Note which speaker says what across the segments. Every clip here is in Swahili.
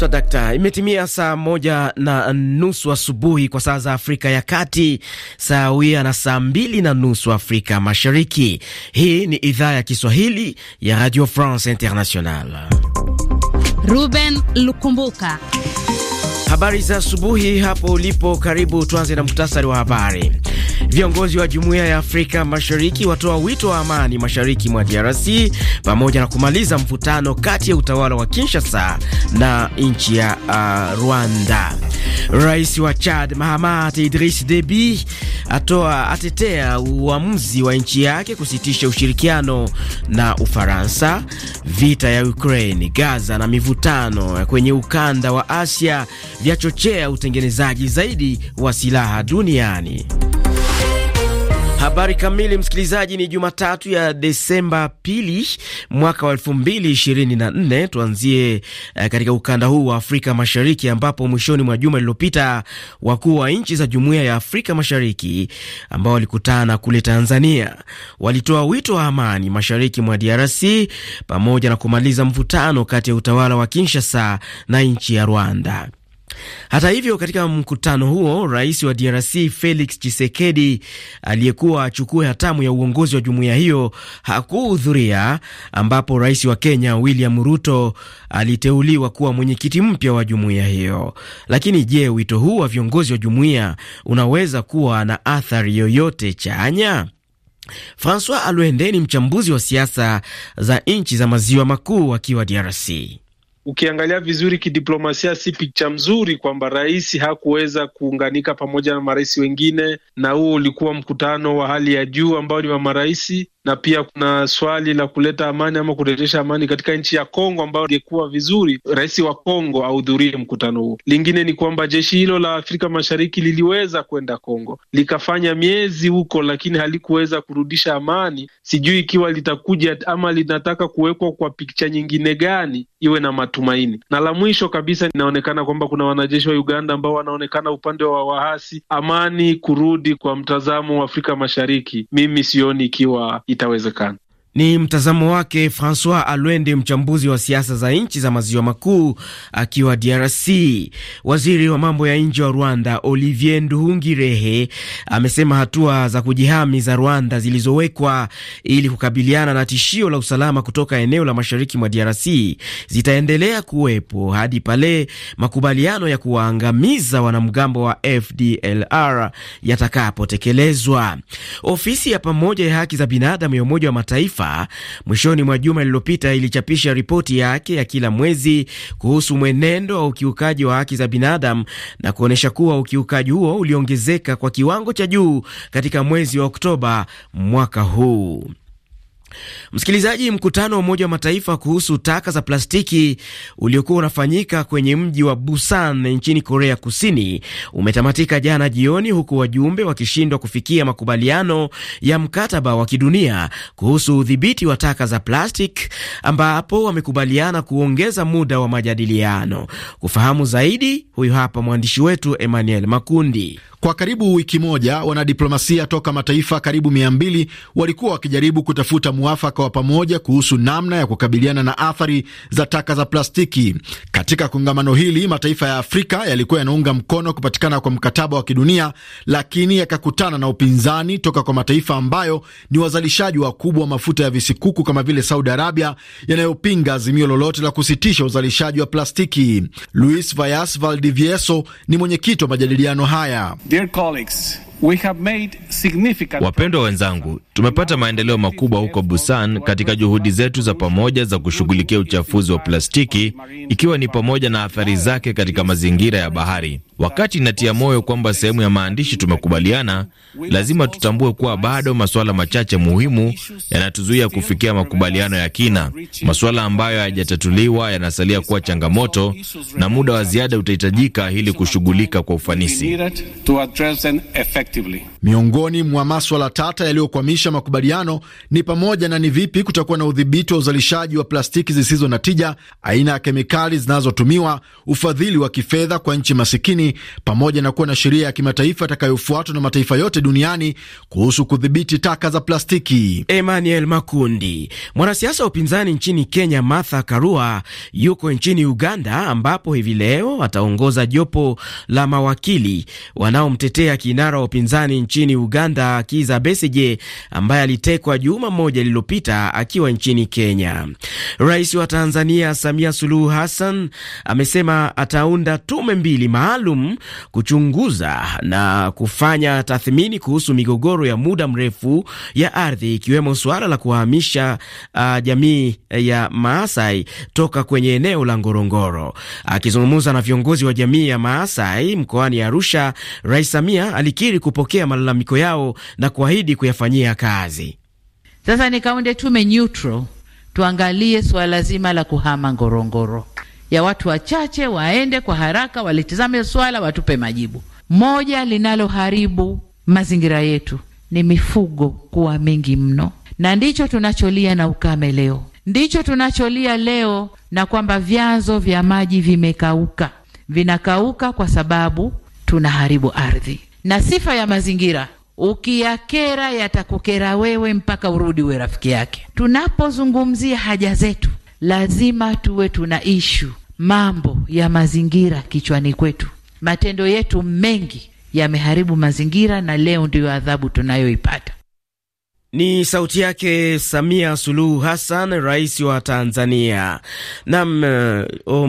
Speaker 1: haswa dakta. Imetimia saa moja na nusu asubuhi kwa saa za Afrika ya Kati, saa wia na saa mbili na nusu Afrika Mashariki. Hii ni idhaa ya Kiswahili ya Radio France International. Ruben Lukumbuka, habari za asubuhi hapo ulipo. Karibu tuanze na muhtasari wa habari. Viongozi wa Jumuiya ya Afrika Mashariki watoa wito wa amani mashariki mwa DRC pamoja na kumaliza mvutano kati ya utawala wa Kinshasa na nchi ya uh, Rwanda. Rais wa Chad Mahamat Idris Deby atoa atetea uamuzi wa nchi yake kusitisha ushirikiano na Ufaransa. Vita ya Ukraine, Gaza na mivutano kwenye ukanda wa Asia vyachochea utengenezaji zaidi wa silaha duniani. Habari kamili, msikilizaji, ni Jumatatu ya Desemba pili mwaka wa elfu mbili ishirini na nne. Tuanzie uh, katika ukanda huu wa Afrika Mashariki ambapo mwishoni mwa juma lililopita wakuu wa nchi za Jumuiya ya Afrika Mashariki ambao walikutana kule Tanzania walitoa wito wa amani mashariki mwa DRC pamoja na kumaliza mvutano kati ya utawala wa Kinshasa na nchi ya Rwanda. Hata hivyo, katika mkutano huo rais wa DRC Felix Tshisekedi aliyekuwa achukue hatamu ya uongozi wa jumuiya hiyo hakuhudhuria, ambapo rais wa Kenya William Ruto aliteuliwa kuwa mwenyekiti mpya wa jumuiya hiyo. Lakini je, wito huu wa viongozi wa jumuiya unaweza kuwa na athari yoyote chanya? Francois Alwende ni mchambuzi wa siasa za nchi za maziwa makuu akiwa DRC
Speaker 2: ukiangalia vizuri kidiplomasia, si picha mzuri kwamba rais hakuweza kuunganika pamoja na marais wengine, na huo ulikuwa mkutano wa hali ya juu ambao ni wa marais na pia kuna swali la kuleta amani ama kurejesha amani katika nchi ya Kongo ambayo ingekuwa vizuri rais wa Kongo ahudhurie mkutano huo. Lingine ni kwamba jeshi hilo la Afrika Mashariki liliweza kwenda Kongo likafanya miezi huko, lakini halikuweza kurudisha amani. Sijui ikiwa litakuja ama linataka kuwekwa kwa picha nyingine gani iwe na matumaini. Na la mwisho kabisa, inaonekana kwamba kuna wanajeshi wa Uganda ambao wanaonekana upande wa waasi. Amani kurudi kwa mtazamo wa Afrika Mashariki, mimi sioni ikiwa и того языка.
Speaker 1: Ni mtazamo wake Francois Alwende, mchambuzi wa siasa za nchi za maziwa makuu akiwa DRC. Waziri wa mambo ya nje wa Rwanda Olivier Nduhungirehe amesema hatua za kujihami za Rwanda zilizowekwa ili kukabiliana na tishio la usalama kutoka eneo la mashariki mwa DRC zitaendelea kuwepo hadi pale makubaliano ya kuwaangamiza wanamgambo wa FDLR yatakapotekelezwa. Ofisi ya pamoja ya haki za binadamu ya Umoja wa Mataifa Mataifa mwishoni mwa juma lililopita ilichapisha ripoti yake ya kila mwezi kuhusu mwenendo wa ukiukaji wa haki za binadamu na kuonyesha kuwa ukiukaji huo uliongezeka kwa kiwango cha juu katika mwezi wa Oktoba mwaka huu. Msikilizaji, mkutano wa Umoja wa Mataifa kuhusu taka za plastiki uliokuwa unafanyika kwenye mji wa Busan nchini Korea Kusini umetamatika jana jioni, huku wajumbe wakishindwa kufikia makubaliano ya mkataba wa kidunia kuhusu udhibiti wa taka za plastiki, ambapo wamekubaliana kuongeza muda wa majadiliano. Kufahamu zaidi, huyu hapa mwandishi wetu Emmanuel Makundi. Kwa karibu wiki moja, wanadiplomasia toka mataifa karibu mia mbili walikuwa wakijaribu kutafuta mwafaka wa pamoja kuhusu namna ya kukabiliana na athari za taka za plastiki. Katika kongamano hili, mataifa ya Afrika yalikuwa yanaunga mkono kupatikana kwa mkataba wa kidunia, lakini yakakutana na upinzani toka kwa mataifa ambayo ni wazalishaji wakubwa wa mafuta ya visikuku kama vile Saudi Arabia, yanayopinga azimio lolote la kusitisha uzalishaji wa plastiki. Luis Vayas Valdivieso ni mwenyekiti wa majadiliano haya. Dear colleagues, we have made significant...
Speaker 3: Wapendwa wenzangu, tumepata maendeleo makubwa huko Busan katika juhudi zetu za pamoja za kushughulikia uchafuzi wa plastiki ikiwa ni pamoja na athari zake katika mazingira ya bahari. Wakati inatia moyo kwamba sehemu ya maandishi tumekubaliana, lazima tutambue kuwa bado masuala machache muhimu yanatuzuia kufikia makubaliano ya kina. Masuala ambayo hayajatatuliwa yanasalia kuwa changamoto na muda wa ziada utahitajika ili kushughulika kwa ufanisi.
Speaker 1: Miongoni mwa maswala tata yaliyokwamisha makubaliano ni pamoja na ni vipi kutakuwa na udhibiti wa uzalishaji wa plastiki zisizo na tija, aina ya kemikali zinazotumiwa, ufadhili wa kifedha kwa nchi masikini pamoja na kuwa na sheria ya kimataifa itakayofuatwa na mataifa yote duniani kuhusu kudhibiti taka za plastiki. Emmanuel Makundi. Mwanasiasa wa upinzani nchini Kenya Martha Karua yuko nchini Uganda ambapo hivi leo ataongoza jopo la mawakili wanaomtetea kinara wa upinzani nchini Uganda Kiza Besigye ambaye alitekwa juma moja lililopita akiwa nchini Kenya. Rais wa Tanzania Samia Suluhu Hassan amesema ataunda tume mbili maalum maalum kuchunguza na kufanya tathmini kuhusu migogoro ya muda mrefu ya ardhi ikiwemo suala la kuhamisha uh, jamii ya Maasai toka kwenye eneo la Ngorongoro. Akizungumza na viongozi wa jamii ya Maasai mkoani Arusha, Rais Samia alikiri kupokea malalamiko yao na kuahidi kuyafanyia kazi. Sasa kaunde tume neutral tuangalie suala zima la kuhama Ngorongoro ya watu wachache waende kwa haraka walitizame swala watupe majibu. Moja linaloharibu mazingira yetu ni mifugo kuwa mingi mno, na ndicho tunacholia na ukame leo, ndicho tunacholia leo, na kwamba vyanzo vya maji vimekauka, vinakauka kwa sababu tunaharibu ardhi na sifa ya mazingira ukiyakera yatakukera wewe mpaka urudi we rafiki yake. Tunapozungumzia haja zetu, lazima tuwe tuna ishu mambo ya mazingira kichwani kwetu. Matendo yetu mengi yameharibu mazingira, na leo ndiyo adhabu tunayoipata. Ni sauti yake Samia Suluhu Hassan, rais wa Tanzania. Nam eh, o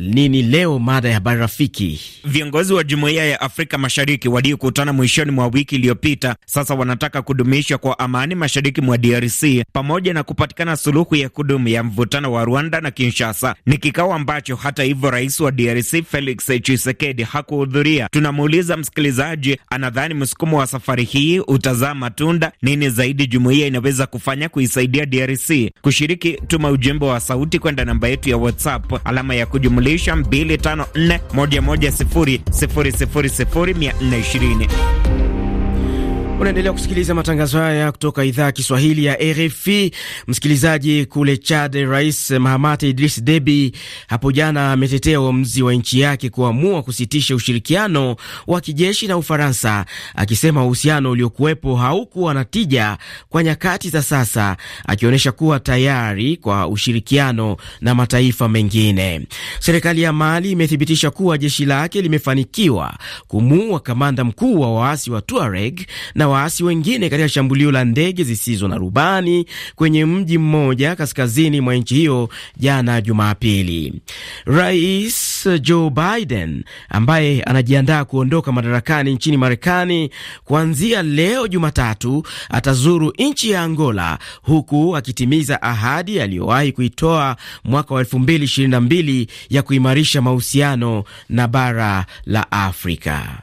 Speaker 1: nini leo mada ya habari rafiki?
Speaker 3: Viongozi wa jumuiya ya Afrika Mashariki waliokutana mwishoni mwa wiki iliyopita sasa wanataka kudumisha kwa amani mashariki mwa DRC pamoja na kupatikana suluhu ya kudumu ya mvutano wa Rwanda na Kinshasa. Ni kikao ambacho hata hivyo rais wa DRC Felix Tshisekedi hakuhudhuria. Tunamuuliza msikilizaji, anadhani msukumo wa safari hii utazaa matunda nini zaidi jumuiya inaweza kufanya kuisaidia DRC? Kushiriki, tuma ujumbe wa sauti kwenda namba yetu ya WhatsApp alama ya kujumulisha 420.
Speaker 1: Unaendelea kusikiliza matangazo haya kutoka idhaa ya Kiswahili ya RFI. Msikilizaji, kule Chad, Rais Mahamat Idris Deby hapo jana ametetea uamuzi wa nchi yake kuamua kusitisha ushirikiano wa kijeshi na Ufaransa, akisema uhusiano uliokuwepo haukuwa na tija kwa nyakati za sasa, akionyesha kuwa tayari kwa ushirikiano na mataifa mengine. Serikali ya Mali imethibitisha kuwa jeshi lake limefanikiwa kumuua kamanda mkuu wa waasi wa Tuareg na waasi wengine katika shambulio la ndege zisizo na rubani kwenye mji mmoja kaskazini mwa nchi hiyo jana Jumapili. Rais Joe Biden ambaye anajiandaa kuondoka madarakani nchini Marekani kuanzia leo Jumatatu atazuru nchi ya Angola huku akitimiza ahadi aliyowahi kuitoa mwaka wa 222 ya kuimarisha mahusiano na bara la Afrika.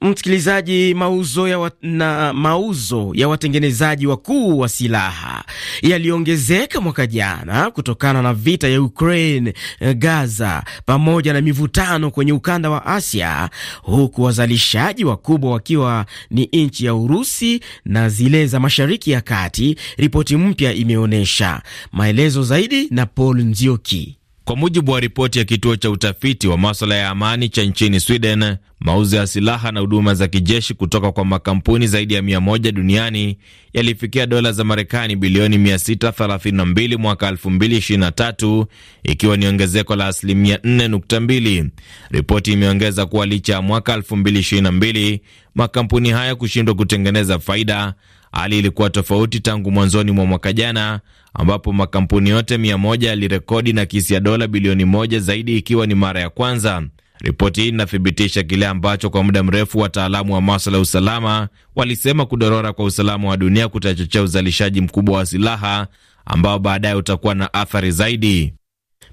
Speaker 1: Msikilizaji, mauzo ya wa, na mauzo ya watengenezaji wakuu wa silaha yaliongezeka mwaka jana kutokana na vita ya Ukraine, eh, Gaza pamoja na mivutano kwenye ukanda wa Asia, huku wazalishaji wakubwa wakiwa ni nchi ya Urusi na zile za Mashariki ya Kati, ripoti mpya imeonyesha. Maelezo zaidi na Paul Nzioki. Kwa mujibu wa
Speaker 3: ripoti ya kituo cha utafiti wa maswala ya amani cha nchini Sweden, mauzo ya silaha na huduma za kijeshi kutoka kwa makampuni zaidi ya 100 duniani yalifikia dola za Marekani bilioni 632 mwaka 2023, ikiwa ni ongezeko la asilimia 4.2. Ripoti imeongeza kuwa licha ya mwaka 2022 makampuni haya kushindwa kutengeneza faida Hali ilikuwa tofauti tangu mwanzoni mwa mwaka jana ambapo makampuni yote mia moja yalirekodi nakisi ya dola bilioni moja zaidi ikiwa ni mara ya kwanza. Ripoti hii inathibitisha kile ambacho kwa muda mrefu wataalamu wa maswala ya usalama walisema, kudorora kwa usalama wa dunia kutachochea uzalishaji mkubwa
Speaker 1: wa silaha ambao baadaye utakuwa na athari zaidi.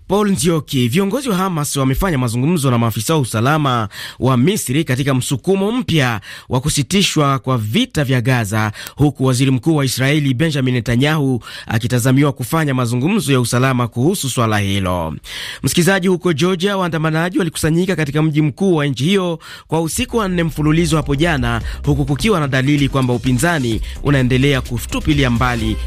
Speaker 1: Paul Nzioki. Viongozi wa Hamas wamefanya mazungumzo na maafisa wa usalama wa Misri katika msukumo mpya wa kusitishwa kwa vita vya Gaza, huku waziri mkuu wa Israeli Benjamin Netanyahu akitazamiwa kufanya mazungumzo ya usalama kuhusu swala hilo. Msikilizaji, huko Georgia waandamanaji walikusanyika katika mji mkuu wa nchi hiyo kwa usiku wa nne mfululizo hapo jana, huku kukiwa na dalili kwamba upinzani unaendelea kutupilia mbali